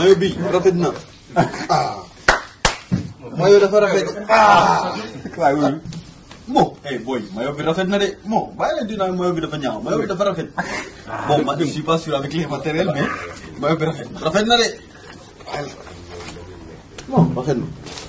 mayo bi rafet na ah. mayo dafa rafet ah. waaw boy mayo bi rafet na de bon bàyyi leen dinaa mayo bi dafa ñaaw mayo bi dafa rafet. bon man je suis pas sûr avec les matériels mais mayo bi rafet na rafet na de. bon rafet na.